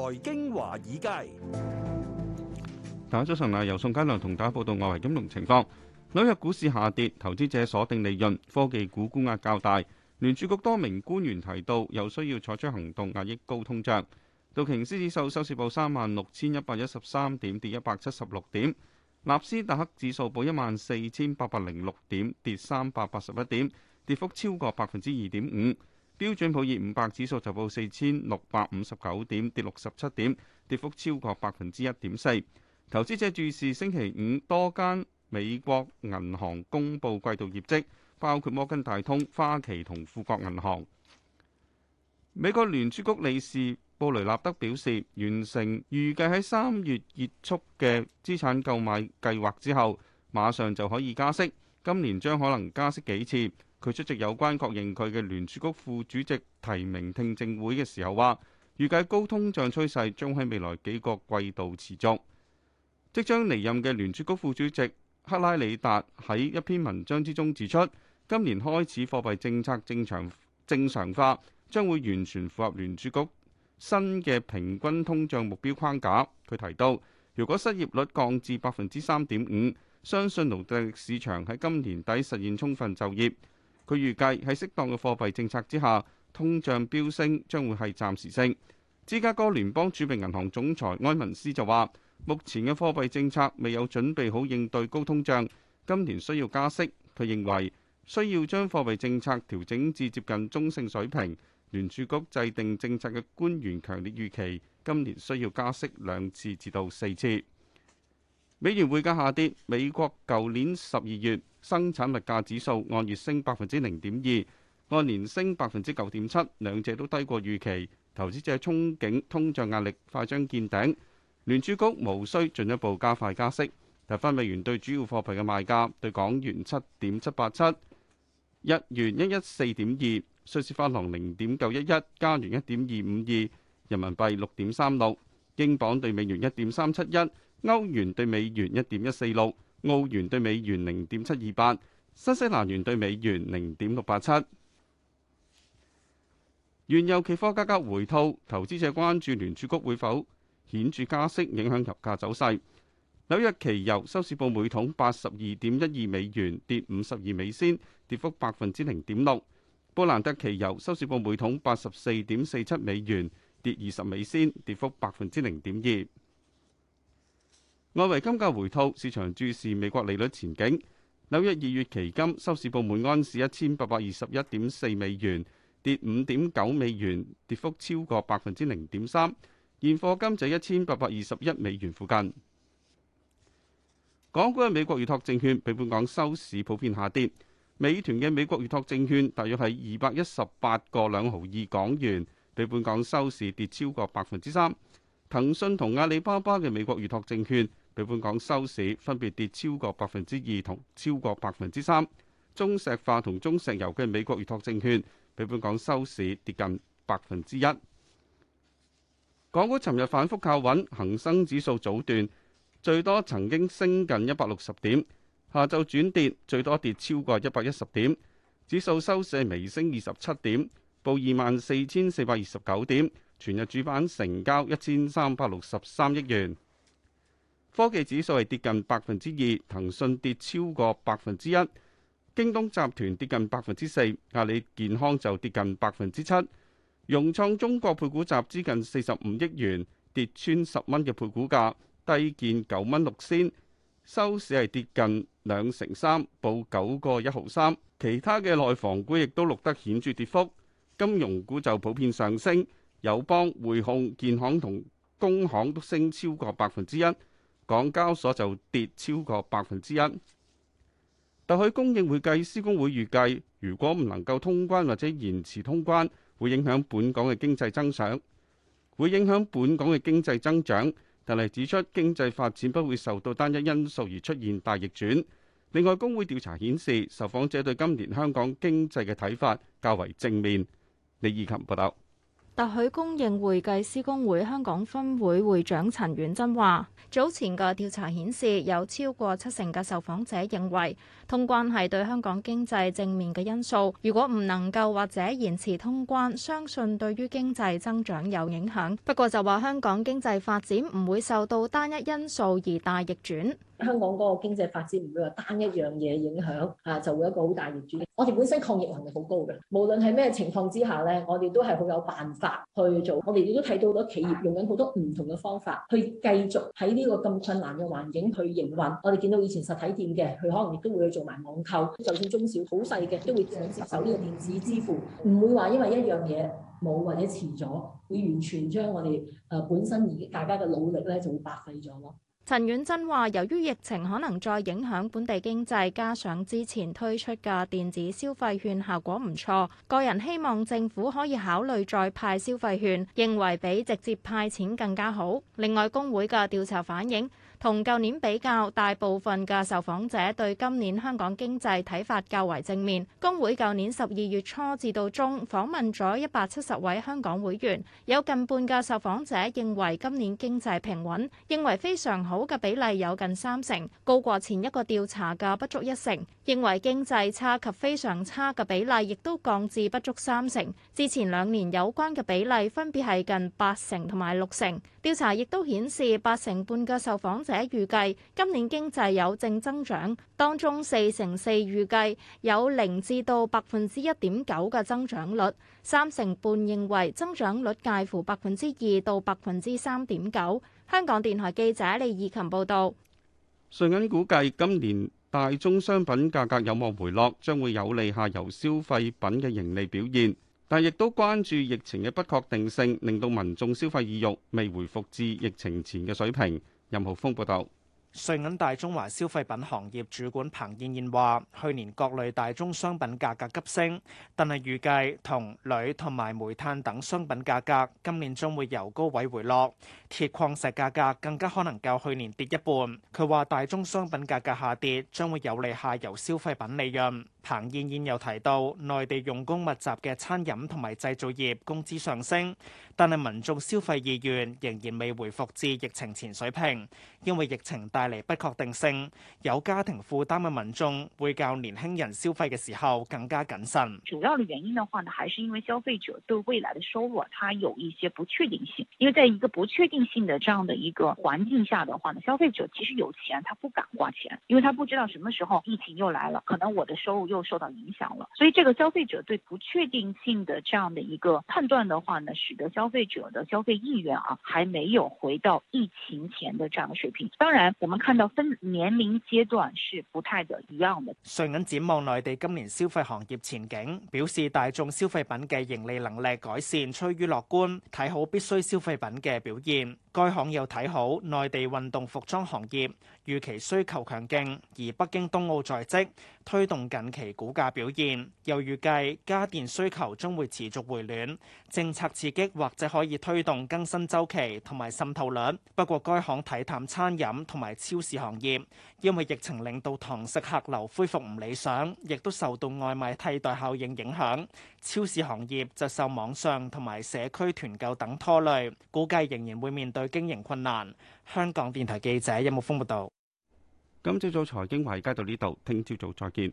財經華爾街，大家早晨，由宋佳良同大家報道外圍金融情況，紐約股市下跌，投資者鎖定利潤，科技股沽壓較大。聯儲局多名官員提到，有需要採取行動壓抑高通脹。道瓊斯指數收市報三萬六千一百一十三點，跌一百七十六點；納斯達克指數報一萬四千八百零六點，跌三百八十一點，跌幅超過百分之二點五。標準普爾五百指數就報四千六百五十九點，跌六十七點，跌幅超過百分之一點四。投資者注視星期五多間美國銀行公布季度業績，包括摩根大通、花旗同富國銀行。美國聯儲局理事布雷納德表示，完成預計喺三月結束嘅資產購買計劃之後，馬上就可以加息，今年將可能加息幾次。佢出席有關確認佢嘅聯儲局副主席提名聽證會嘅時候，話預計高通脹趨勢將喺未來幾個季度持續。即將離任嘅聯儲局副主席克拉里達喺一篇文章之中指出，今年開始貨幣政策正常正常化將會完全符合聯儲局新嘅平均通脹目標框架。佢提到，如果失業率降至百分之三點五，相信勞動力市場喺今年底實現充分就業。佢預計喺適當嘅貨幣政策之下，通脹飆升將會係暫時性。芝加哥聯邦儲備銀行總裁埃文斯就話，目前嘅貨幣政策未有準備好應對高通脹，今年需要加息。佢認為需要將貨幣政策調整至接近中性水平。聯儲局制定政策嘅官員強烈預期，今年需要加息兩次至到四次。美元匯價下跌，美國舊年十二月，生產物價指數按月升百分之零點二，按年升百分之九點七，兩者都低過預期。投資者憧憬通脹壓力快將見頂，聯儲局無需進一步加快加息。睇翻美元對主要貨幣嘅賣價：對港元七點七八七，日元一一四點二，瑞士法郎零點九一一，加元一點二五二，人民幣六點三六，英鎊對美元一點三七一，歐元對美元一點一四六。澳元兌美元零點七二八，新西蘭元兌美元零點六八七。原油期貨價格回吐，投資者關注聯儲局會否顯著加息影響油價走勢。紐約期油收市報每桶八十二點一二美元，跌五十二美仙，跌幅百分之零點六。布蘭德期油收市報每桶八十四點四七美元，跌二十美仙，跌幅百分之零點二。外圍金價回吐，市場注視美國利率前景。紐約二月期金收市報每安士一千八百二十一點四美元，跌五點九美元，跌幅超過百分之零點三。現貨金就一千八百二十一美元附近。港股嘅美國預託證券比本港收市普遍下跌。美團嘅美國預託證券大約係二百一十八個兩毫二港元，比本港收市跌超過百分之三。騰訊同阿里巴巴嘅美國預託證券比本港收市分別跌超過百分之二同超過百分之三，中石化同中石油嘅美國預託證券比本港收市跌近百分之一。港股尋日反覆靠穩，恒生指數早段最多曾經升近一百六十點，下晝轉跌最多跌超過一百一十點，指數收市微升二十七點，報二萬四千四百二十九點，全日主板成交一千三百六十三億元。科技指數係跌近百分之二，騰訊跌超過百分之一，京東集團跌近百分之四，阿里健康就跌近百分之七。融創中國配股集資近四十五億元，跌穿十蚊嘅配股價，低見九蚊六仙，收市係跌近兩成三，報九個一毫三。其他嘅內房股亦都錄得顯著跌幅，金融股就普遍上升，友邦、匯控、建行同工行都升超過百分之一。港交所就跌超過百分之一。特許供應會計師公會預計，如果唔能夠通關或者延遲通關會影響本港嘅經濟增長，會影響本港嘅經濟增長，但係指出，經濟發展不會受到單一因素而出現大逆轉。另外，公會調查顯示，受訪者對今年香港經濟嘅睇法較為正面。李以琴報道。特許公認會計師公會香港分會會長陳婉珍話：早前嘅調查顯示，有超過七成嘅受訪者認為通關係對香港經濟正面嘅因素。如果唔能夠或者延遲通關，相信對於經濟增長有影響。不過就話香港經濟發展唔會受到單一因素而大逆轉。香港嗰個經濟發展唔會話單一樣嘢影響嚇，就會一個好大轉變。我哋本身抗疫能力好高嘅，無論係咩情況之下咧，我哋都係好有辦法去做。我哋亦都睇到好多企業用緊好多唔同嘅方法去繼續喺呢個咁困難嘅環境去營運。我哋見到以前實體店嘅，佢可能亦都會去做埋網購，就算中小好細嘅都會想接受呢個電子支付，唔會話因為一樣嘢冇或者遲咗，會完全將我哋誒本身而家大家嘅努力咧就會白費咗咯。陳婉珍話，由於疫情可能再影響本地經濟，加上之前推出嘅電子消費券效果唔錯，個人希望政府可以考慮再派消費券，認為比直接派錢更加好。另外，工會嘅調查反映。同舊年比較，大部分嘅受訪者對今年香港經濟睇法較為正面。工會舊年十二月初至到中訪問咗一百七十位香港會員，有近半嘅受訪者認為今年經濟平穩，認為非常好嘅比例有近三成，高過前一個調查嘅不足一成。認為經濟差及非常差嘅比例亦都降至不足三成，之前兩年有關嘅比例分別係近八成同埋六成。調查亦都顯示八成半嘅受訪。且預計今年經濟有正增長，當中四成四預計有零至到百分之一點九嘅增長率，三成半認為增長率介乎百分之二到百分之三點九。香港電台記者李以琴報導。瑞銀估計今年大宗商品價格有望回落，將會有利下游消費品嘅盈利表現，但亦都關注疫情嘅不確定性，令到民眾消費意欲未回復至疫情前嘅水平。任浩峰報道，瑞銀大中華消費品行業主管彭燕燕話，去年各類大宗商品價格急升，但係預計銅鋁同埋煤炭等商品價格今年將會由高位回落，鐵礦石價格更加可能較去年跌一半。佢話大宗商品價格下跌將會有利下游消費品利潤。彭燕燕又提到，內地用工密集嘅餐飲同埋製造業工資上升，但係民眾消費意願仍然未回復至疫情前水平，因為疫情帶嚟不確定性，有家庭負擔嘅民眾會較年輕人消費嘅時候更加謹慎。主要嘅原因嘅話呢，還是因為消費者對未來的收入，它有一些不確定性。因為在一個不確定性的這樣的一個環境下的話呢，消費者其實有錢，他不敢花錢，因為他不知道什麼時候疫情又來了，可能我的收入。又受到影響了，所以這個消費者對不確定性的這樣的一個判斷的話呢，使得消費者的消費意願啊還沒有回到疫情前的這樣的水平。當然，我們看到分年齡階段是不太的一樣的。瑞銀展望內地今年消費行業前景，表示大眾消費品嘅盈利能力改善趨於樂觀，睇好必需消費品嘅表現。該行又睇好內地運動服裝行業。預期需求強勁，而北京冬奧在即，推動近期股價表現。又預計家電需求將會持續回暖，政策刺激或者可以推動更新週期同埋滲透率。不過，該行睇淡餐飲同埋超市行業，因為疫情令到堂食客流恢復唔理想，亦都受到外賣替代效應影響。超市行業就受網上同埋社區團購等拖累，估計仍然會面對經營困難。香港電台記者任木峯報道。今朝早財經華爾街到呢度，聽朝早再見。